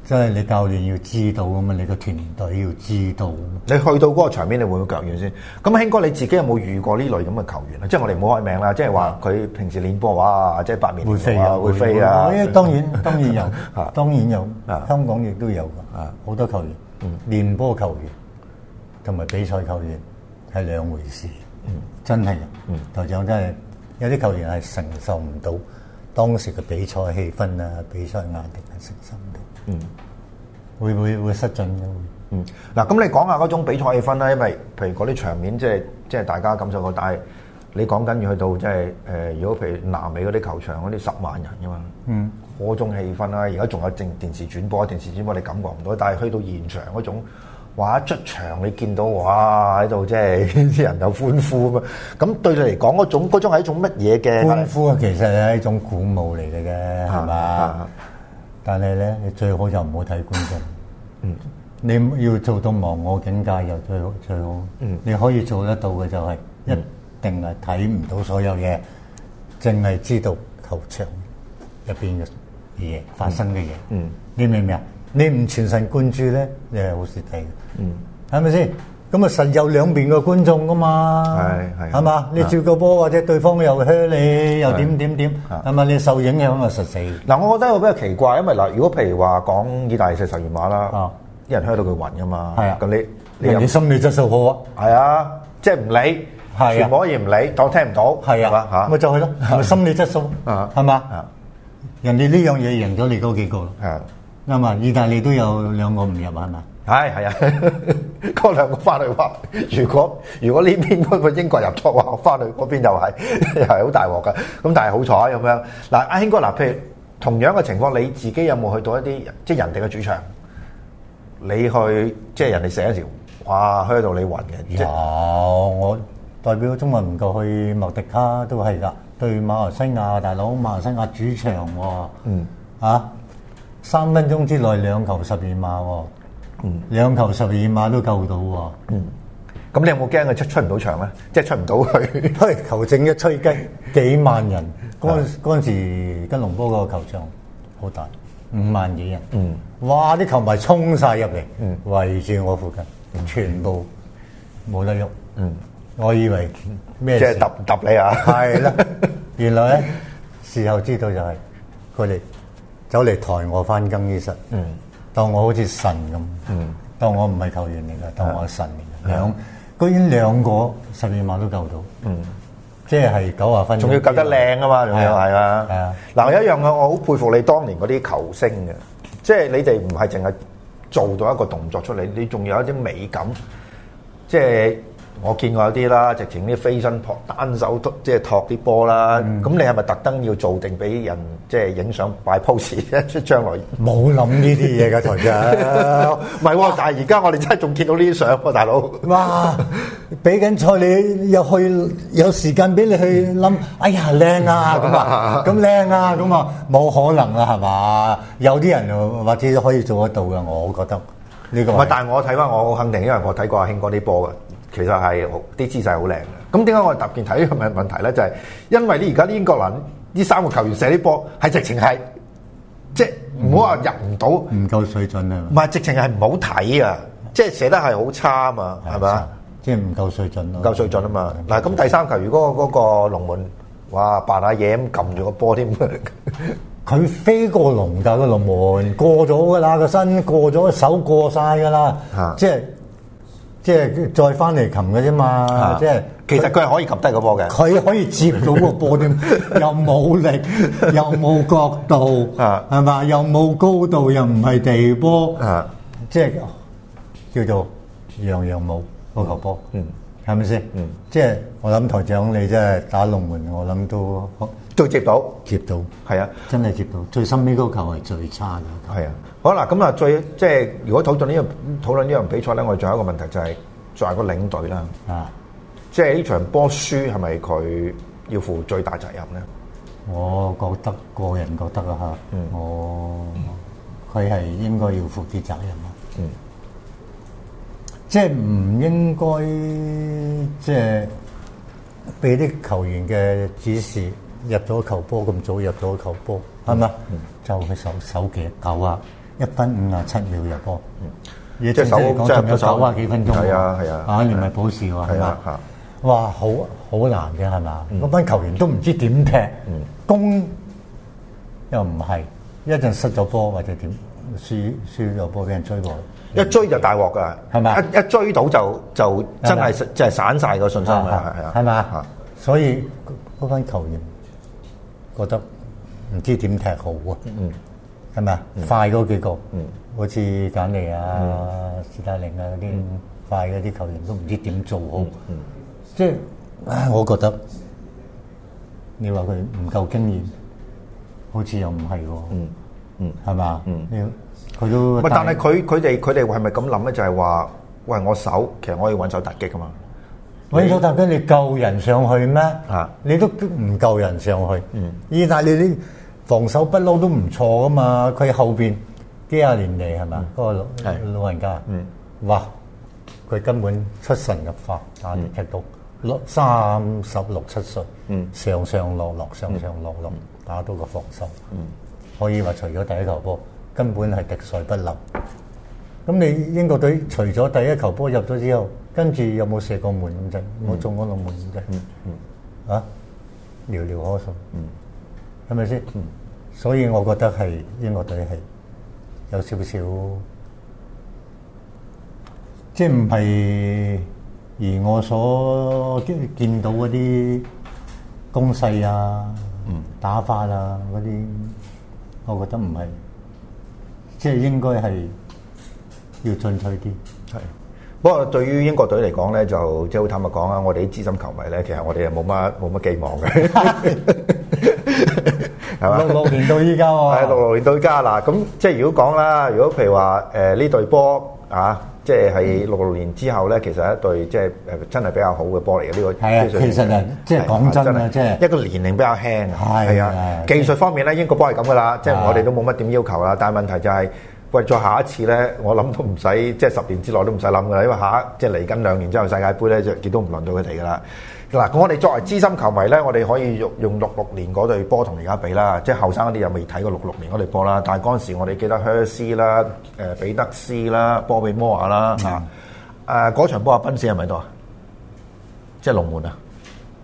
即係你教練要知道咁啊，你個團隊要知道。你去到嗰個場面，你會唔會腳軟先？咁啊，興哥你自己有冇遇過呢類咁嘅球員、就是、球啊？即係我哋唔好開名啦，即係話佢平時練波話，即係八面飛啊，會飛啊。因當然當然， 當然有，當然有。 香港亦都有噶，好多球員 練波球，球員同埋比賽球員係兩回事。 真係嘅、啊。嗯， 台長真係有啲球員係承受唔到當時嘅比賽氣氛啊，比賽壓力啊，承受。嗯，會會會失準噶嘛？嗯，嗱，咁你講下嗰種比賽氣氛啦，因為譬如嗰啲場面，即係即係大家感受過，但係你講緊要去到即係誒，如、呃、果譬如南美嗰啲球場嗰啲十萬人吖嘛，嗯，嗰種氣氛啦，而家仲有正電視轉播，電視轉播你感覺唔到，但係去到現場嗰種，哇！一出場你見到哇喺度，即係啲人有歡呼嘛，咁對你嚟講嗰種，嗰種係一種乜嘢嘅？歡呼啊，其實係一種鼓舞嚟嘅嘅，係嘛吧？但係咧，你最好就唔好睇觀眾。嗯，你要做到忘我境界又最好最好。嗯，你可以做得到嘅就係一定係睇唔到所有嘢，淨係、嗯、知道球場入邊嘅嘢發生嘅嘢。嗯，你明唔明啊？你唔全神貫注咧，你係好蝕底嘅。嗯，係咪先？咁啊，實有兩邊嘅觀眾噶嘛，係係，係嘛？你照個波或者對方又靴你，又點點點，係咪你受影響啊？實死！嗱，我覺得我比較奇怪，因為嗱，如果譬如話講意大利射十二碼啦，啲人靴到佢暈噶嘛，係啊，咁你你心理質素好啊，係啊，即係唔理，係啊，全部唔理，當聽唔到，係啊，嚇，咪就係咯，心理質素？啊，係嘛，人哋呢樣嘢贏咗你嗰幾個，係啊，啱啊，意大利都有兩個唔入，係嘛？係，係啊、哎！嗰 兩個翻嚟話，如果如果呢邊嗰個英國入錯話，翻去嗰邊又係又係好大鑊噶。咁但係好彩咁樣。嗱，阿興哥嗱，譬如同樣嘅情況，你自己有冇去到一啲即係人哋嘅主場？你去即係人哋射一時，哇去到你暈嘅。有我代表中文唔夠去莫迪卡都係噶，對馬來西亞大佬馬來西亞主場，哦、嗯。啊！三分鐘之內兩球十二碼喎，哦。兩球十二碼都救到喎。嗯，咁你有冇驚佢出出唔到場咧？即係出唔到去，去球證一吹雞，幾萬人嗰嗰陣時吉隆坡嗰個球場好大，五萬幾人。嗯，哇！啲球迷衝晒入嚟，圍住我附近，全部冇得喐。嗯，我以為咩？即係揼揼你啊？係啦，原來咧事後知道就係佢哋走嚟抬我返更衣室。嗯。當我好似神咁，當我唔係球員嚟噶，當我係神嚟噶。兩、嗯、居然兩個十二碼都救到，嗯、即係九啊分，仲要救得靚啊嘛，仲有係啊。嗱、啊，有一樣嘅，我好佩服你當年嗰啲球星嘅，即係你哋唔係淨係做到一個動作出嚟，你仲有一啲美感，即係。我見過有啲啦，直情啲飛身託單手托，即係託啲波啦。咁你係咪特登要做定俾人即係影相擺 pose 咧？將來冇諗呢啲嘢㗎，台長。唔係喎，但係而家我哋真係仲見到呢啲相喎，大佬。哇！俾緊菜，你又去有時間俾你去諗？哎呀，靚啊！咁啊，咁靚啊！咁啊，冇可能啊，係嘛？有啲人又或者都可以做得到㗎，我覺得呢個。唔係，但係我睇翻，我肯定，因為我睇過阿興哥啲波㗎。其實係好啲姿勢好靚嘅，咁點解我哋特別睇呢個問問題咧？就係、是、因為咧，而家啲英格蘭呢三個球員射啲波，係直情係即係唔好話入唔到，唔夠水準啊！唔係直情係唔好睇啊！即係、嗯、射得係好差啊嘛，係咪即係唔夠水準啊。唔夠水準啊嘛！嗱，咁第三球如果嗰、嗰個龍、嗰個、門，哇扮下嘢咁撳住個波添，佢飛過龍門，過咗噶啦個身，過咗手，過晒噶啦，啊、即係。即係再翻嚟擒嘅啫嘛，啊、即係其實佢係可以擒低個波嘅。佢可以接到個波添， 又冇力， 又冇角度，係嘛、啊？又冇高度，又唔係地波，啊啊、即係叫做樣樣冇嗰球波，係咪先？是是嗯、即係我諗台長你即係打龍門，我諗都。就接到，接到，係啊，真係接到。最深呢嗰球係最差嘅，係啊。好啦，咁啊，最即係如果討論呢樣討論呢樣比賽咧，我哋仲有一個問題就係作為個領隊啦，啊，即係呢場波輸係咪佢要負最大責任咧？我覺得個人覺得啊嚇，嗯、我佢係應該要負啲責任啊。嗯，即係唔應該即係俾啲球員嘅指示。入咗球波咁早入咗球波，係咪？就佢手首嘅九啊一分五啊七秒入波，亦即係有九十啊幾分鐘啊，係啊係啊，啊連埋補時喎係嘛？哇，好好難嘅係咪？嗰班球員都唔知點踢，攻又唔係一陣失咗波或者點，輸輸咗波俾人追過，一追就大鑊㗎，係咪？一一追到就就真係即係散晒個信心㗎，係啊，係嘛？所以嗰班球員。覺得唔知點踢好啊，係咪啊？快嗰幾個，好似簡尼啊、史大寧啊嗰啲快嗰啲球員都唔知點做好，即係啊，我覺得你話佢唔夠經驗，好似又唔係喎，嗯嗯，係咪啊？嗯，佢都唔係，但係佢佢哋佢哋係咪咁諗咧？就係話，喂，我守其實可以揾到突擊㗎嘛？永咗特兵你救人上去咩？啊！你都唔救人上去。嗯，意大利啲防守不嬲都唔錯噶嘛。佢後邊幾廿年嚟係咪？嗰個老老人家，嗯，哇！佢根本出神入化打到踢到落三十六七歲，上上落落上上落落打到個防守，可以話除咗第一球波根本係滴水不漏。咁你英國隊除咗第一球波入咗之後，跟住有冇射過門咁啫？嗯、我中嗰個門咁啫，嚇寥寥可數，係咪先？是是嗯、所以我覺得係英國隊係有少少，即唔係而我所見到嗰啲攻勢啊、嗯、打法啊嗰啲，我覺得唔係，即應該係要進取啲。不過對於英國隊嚟講咧，就即係好坦白講啊，我哋啲資深球迷咧，其實我哋又冇乜冇乜寄望嘅，係嘛？六六年到依家喎，係六 六年到依家嗱，咁即係如果講啦，如果譬如話誒呢隊波啊，即係係六六年之後咧，其實一隊即係誒真係比較好嘅波嚟嘅呢個係啊，技術其實啊，即係講真啊，真即係一個年齡比較輕係啊，技術方面咧，英國波係咁噶啦，即係我哋都冇乜點要求啦，但係問題就係。喂，再下一次咧，我諗都唔使，即係十年之內都唔使諗噶啦，因為下即係嚟緊兩年之後世界盃咧，就亦都唔輪到佢哋噶啦。嗱，我哋作為資深球迷咧，我哋可以用用六六年嗰隊波同而家比啦，即係後生嗰啲又未睇過六六年嗰隊波啦。但係嗰陣時我哋記得赫斯啦、誒彼得斯啦、波比摩亞啦，嗯、啊，誒嗰場波阿賓士係咪喺度啊？即係龍門啊？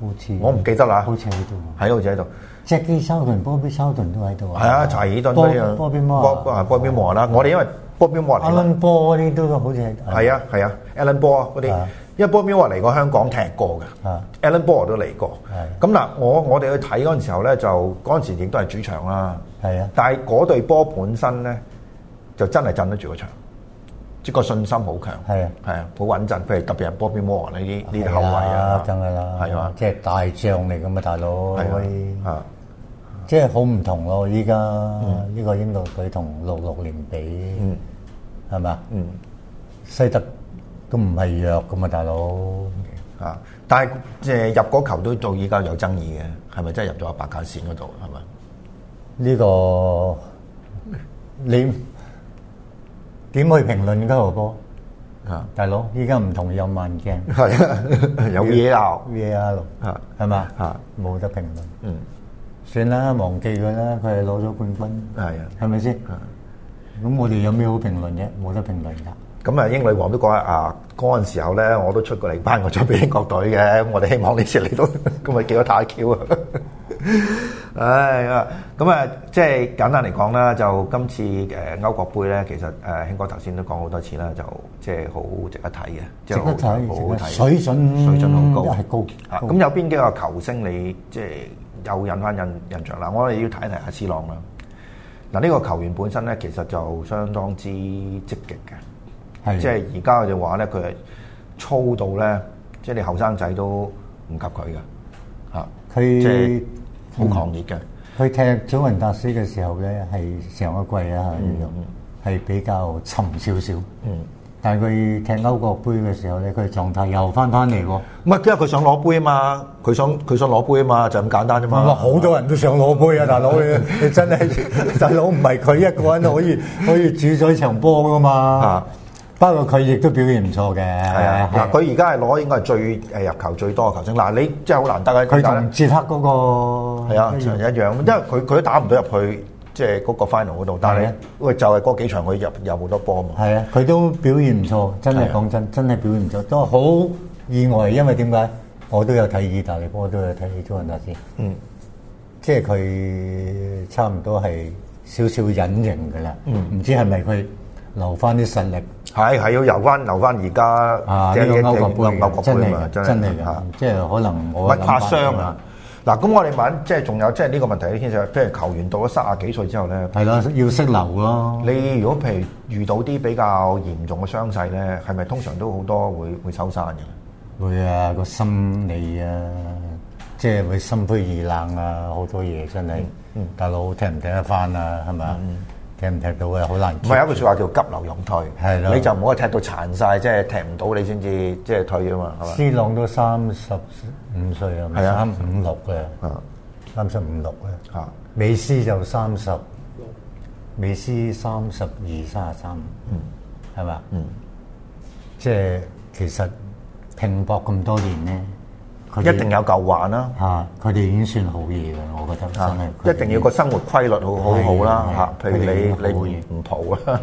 好似我唔記得啦。好似喺度，喺度，喺度。即係啲超波邊超屯都喺度啊！係啊，柴爾頓嗰啲啊，波波邊波啊，波比摩亞啦！我哋因為波比摩亞啊阿倫波嗰啲都好似係，係啊係啊阿倫波啊嗰啲，因為波比摩亞嚟過香港踢過嘅，阿倫波都嚟過。咁嗱，我我哋去睇嗰陣時候咧，就嗰陣時亦都係主場啦。係啊，但係嗰隊波本身咧，就真係鎮得住個場，即係個信心好強。係啊係啊，好穩陣。譬如特別係波比摩亞呢啲呢啲後衞啊，真係啦，係嘛，即係大將嚟㗎嘛，大佬。即係好唔同咯！依家呢個英國佢同六六年比，係咪啊？西德都唔係弱咁啊，大佬嚇！但係即係入嗰球都到依家有爭議嘅，係咪真係入咗白卡線嗰度？係咪呢個你點去評論㗎？何哥，大佬依家唔同有慢鏡，係有 VAR，VAR 嚇係嘛嚇，冇得評論嗯。算啦，忘記佢啦。佢係攞咗冠軍，係啊，係咪先？咁我哋有咩好評論嘅？冇得評論噶。咁啊，英女王都講啊，嗱嗰陣時候咧，我都出過嚟幫我出俾英國隊嘅。咁我哋希望呢次你都咁咪幾多太橋啊？唉啊！咁啊，即係簡單嚟講啦，就今次誒歐國杯咧，其實誒興哥頭先都講好多次啦，就即係好值得睇嘅，值得睇，好水準，水準好高，係高啊！咁有邊幾個球星你即係？又引翻印印象啦！我哋要睇一睇阿斯朗啦。嗱，呢個球員本身咧，其實就相當之積極嘅，即係而家嘅話咧，佢係粗到咧，即係你後生仔都唔及佢嘅嚇。佢即係好狂熱嘅、嗯。佢踢祖雲達斯嘅時候咧，係上個季啊，係、嗯、比較沉少少。嗯但係佢踢歐國杯嘅時候咧，佢狀態又翻翻嚟喎。唔係，因為佢想攞杯啊嘛，佢想佢想攞杯啊嘛，就咁、是、簡單啫嘛。好多人都想攞杯啊， 大佬，你真係 大佬唔係佢一個人可以可以主宰場波㗎嘛。啊，不過佢亦都表現唔錯嘅。係啊，嗱、啊，佢而家係攞應該係最誒、呃、入球最多嘅球星。嗱、啊，你真係好難得啊！佢同捷克嗰個係啊，一樣，因為佢佢都打唔到入去。即係嗰個 final 嗰度，但係喂就係嗰幾場佢入入好多波嘛。係啊，佢都表現唔錯，真係講真，真係表現唔錯，都好意外，因為點解我都有睇意大利波，都有睇祖雲達斯。嗯，即係佢差唔多係少少隱形嘅啦。唔知係咪佢留翻啲實力？係係要留翻留翻而家啊！一個歐國杯，歐國杯啊嘛，真係啊，即係可能我怕傷啊。嗱，咁我哋問，即係仲有，即係呢個問題咧，其實，譬如球員到咗卅幾歲之後咧，係啦，要識流咯。你如果譬如遇到啲比較嚴重嘅傷勢咧，係咪通常都好多會會收山嘅？會啊，個心理啊，即係會心灰意冷啊，好多嘢真係。大佬踢唔踢得翻啊？係咪啊？踢唔踢到啊好難。唔係有句説話叫急流勇退，係啦，你就唔好去踢到殘曬，即係踢唔到你先至即係退啊嘛，係咪？C 朗都三十五歲 3, 5, 6，啊，啊，五六嘅，三十五六嘅。啊，美斯就三十六，美斯三十二、三十三，嗯，係咪，嗯，即係、嗯就是、其實拼搏咁多年咧，佢一定有舊患啦、啊，嚇、啊，佢哋已經算好嘢嘅、啊，我覺得真係，一定要個生活規律好好好啦，嚇，譬如你你唔蒲啦，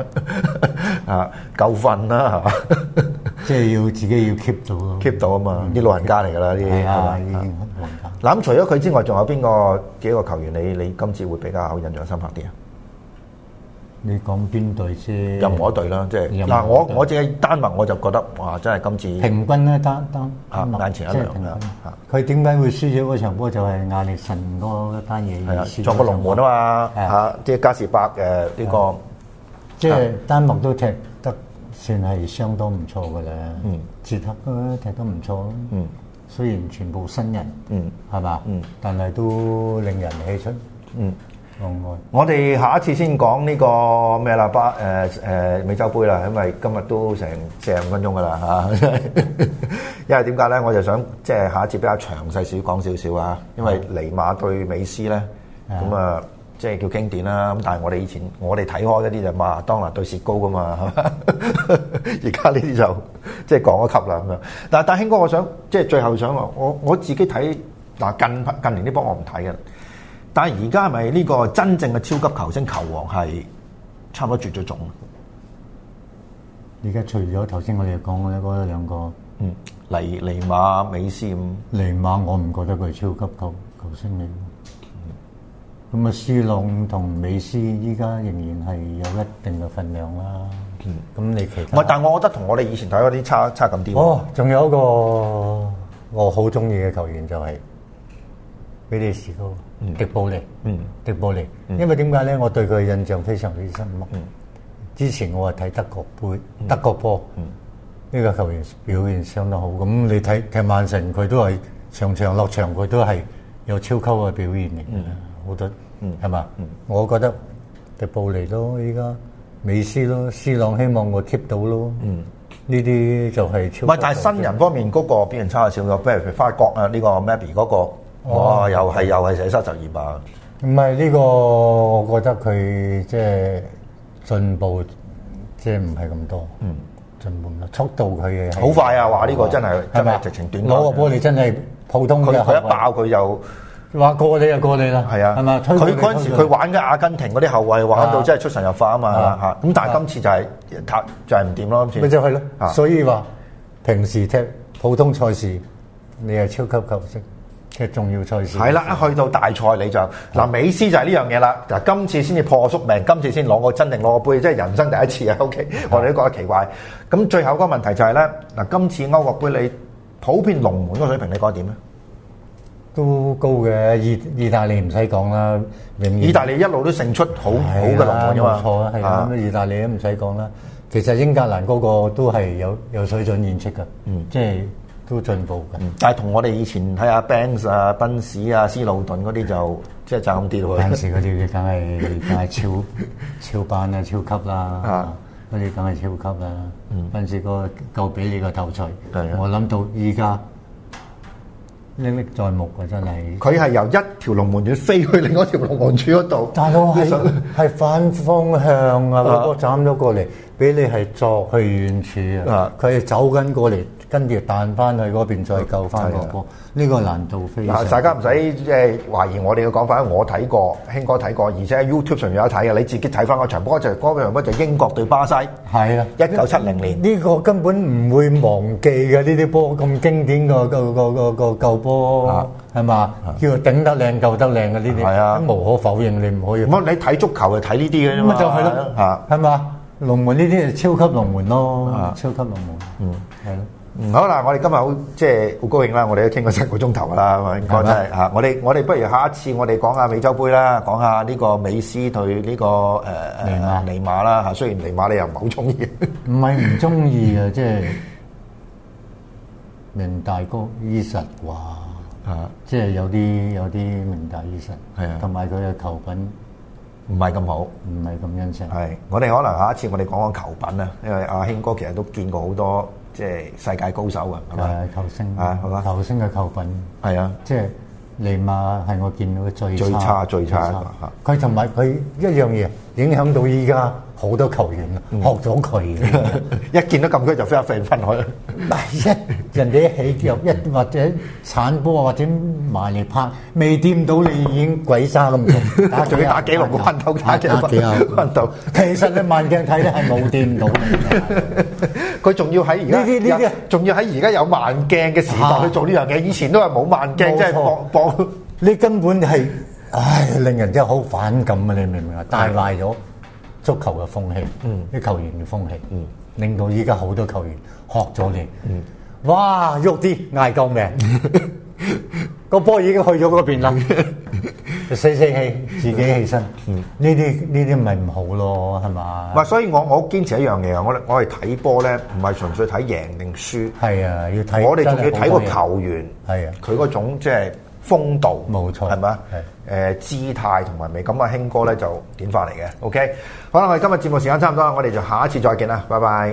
嚇、 啊，夠瞓啦、啊、嚇、啊。即係要自己要 keep 到咯，keep 到啊嘛！啲老人家嚟噶啦，啲係啊，啲老人家。嗱咁除咗佢之外，仲有邊個幾個球員？你你今次會比較印象深刻啲啊？你講邊隊先？任何一隊啦，即係嗱，我我淨係丹麥，我就覺得哇，真係今次平均咧，丹丹眼前一亮。佢點解會輸咗嗰場波？就係亞歷臣嗰單嘢，係啊，做個龍門啊嘛，嚇！即係加士伯。嘅呢個，即係丹麥都踢。算係相當唔錯㗎喇，捷克、嗯、都踢得唔錯咯。嗯、雖然全部新人，係嘛，但係都令人氣出。嗯嗯、我哋下一次先講呢、呢個咩喇？巴誒誒美洲杯啦，因為今日都成四十五分鐘㗎啦嚇。啊、是 因為點解咧？我就想即係、就是、下一次比較詳細少講少少啊。因為尼馬對美斯咧咁啊。嗯嗯嗯即係叫經典啦，咁但係我哋以前我哋睇開一啲就馬當拿對薛高噶嘛，而家呢啲就即係降一級啦咁樣。但係大興哥，我想即係最後想話我我自己睇嗱近近，近年啲波我唔睇嘅，但係而家係咪呢個真正嘅超級球星球王係差唔多絕咗種？而家除咗頭先我哋講嗰兩個，嗯，尼尼馬、美斯，尼馬我唔覺得佢係超級球球星咁啊，C 朗同美斯依家仍然係有一定嘅份量啦。嗯，咁你其他唔係，但我覺得同我哋以前睇嗰啲差差咁啲。哦，仲有一個我好中意嘅球員就係比利時高迪布尼，嗯，迪布尼，嗯，因為點解咧？我對佢嘅印象非常之深刻。嗯，之前我係睇德國杯，德國波，嗯，呢個球員表現相當好。咁你睇睇曼城，佢都係場場落場，佢都係有超級嘅表現力。我覺得，嗯，係嘛？嗯，我覺得迪布尼咯，依家美斯咯，C 朗希望會 keep 到咯。嗯，呢啲就係超。喂，但係新人方面嗰個畀人差咗少咗，比如譬法國啊，呢、這個 Mabby 嗰、那個，哇，又係又係寫三十二萬。唔係呢個，我覺得佢即係進步，即係唔係咁多。嗯，進步啦，速度佢嘅好快啊！話、這、呢個真係係咪直情短路？攞個玻璃真係普通嘅，佢一爆佢又。話過你就過你啦，係啊，佢嗰陣時佢玩嘅阿根廷嗰啲後衞玩到真係出神入化啊嘛嚇，咁但係今次就係、係啊、就係唔掂咯，咪就係咯，啊、所以話平時踢普通賽事你係超級球星，踢重要賽事係啦，一、啊、去到大賽你就嗱，啊、美斯就係呢樣嘢啦，嗱今次先至破宿命，今次先攞個真定攞個杯，啊、即係人生第一次 okay, 啊，O K、啊、我哋都覺得奇怪。咁最後嗰個問題就係、係、咧，嗱今次歐國杯你普遍龍門嗰個水平，你覺得點咧？都高嘅，意意大利唔使講啦，意大利一路都勝出，好好嘅狀態。冇錯啊，係啊，咁意大利都唔使講啦。其實英格蘭嗰個都係有有水準演出嘅，嗯，即係都進步嘅。但係同我哋以前睇阿 Banks 啊、賓士啊、斯魯頓嗰啲就即係爭啲咯。賓士嗰啲梗係梗係超超班啦、超級啦，嗰啲梗係超級啦。賓士個夠俾你個頭槌，我諗到依家。歷歷在目噶、啊，真係佢係由一條龍門柱飛去另一條龍門柱嗰度，但係係反方向啊！我斬咗過嚟，俾你係作去遠處啊！佢係走緊過嚟。跟住彈翻去嗰邊，再救翻個波，呢個難度非常。嗱，大家唔使即係懷疑我哋嘅講法，我睇過，興哥睇過，而且喺 YouTube 上有得睇嘅，你自己睇翻嗰場波，就嗰場波就英國對巴西，係啊，一九七零年，呢個根本唔會忘記嘅呢啲波，咁經典，個個個個救波係嘛，叫做頂得靚救得靚嘅呢啲，啊，無可否認，你唔可以。唔，你睇足球就睇呢啲嘅啫，就係咯，係嘛，龍門呢啲係超級龍門咯，超級龍門，嗯，係咯。好啦，我哋今日好即係好高興啦！我哋都傾咗三個鐘頭啦，咁嗎啊，真係嚇！我哋我哋不如下一次我哋講下美洲杯啦，講下呢個美斯對呢、這個誒誒、呃、尼馬瑪啦嚇。雖然尼馬你又唔係好中意，唔係唔中意啊，即係、嗯、明大哥伊神啩，啊，即係有啲有啲名大伊神，係啊，同埋佢嘅球品唔係咁好，唔係咁欣賞。係我哋可能下一次我哋講講球品啊，因為阿興哥其實都見過好多。即係世界高手啊，係球星啊，係嘛，球星嘅球品，係啊的，即係尼馬係我見到嘅最最差最差，佢同埋佢一樣嘢影響到依家。好多球員學咗佢，一見到咁佢就飛一飛翻去。唔係一，人哋一起腳一或者鏟波或者埋嚟拍，未掂到你已經鬼殺咁仲要打幾廿個彎道，打幾廿彎道。其實咧，慢鏡睇咧係冇掂到。佢仲要喺而家呢啲呢啲，仲要喺而家有慢鏡嘅時代去做呢樣嘢。以前都係冇慢鏡，即係搏搏。你根本係唉，令人真係好反感啊！你明唔明啊？帶壞咗。足球嘅風氣，啲球員嘅風氣，令到依家好多球員學咗你，哇喐啲嗌救命，個 波已經去咗嗰邊啦，死 死氣，自己起身，呢啲呢啲咪唔好咯，係嘛？唔係，所以我我堅持一樣嘢啊，我我係睇波咧，唔係純粹睇贏定輸，係啊，要睇，我哋仲要睇個球員，係啊，佢嗰種即係。風度冇錯，係嘛吧？誒的、呃、姿態同埋美，咁啊，興哥咧就典範嚟嘅。OK，好啦，我哋今日節目時間差唔多啦，我哋就下一次再見啦，拜拜。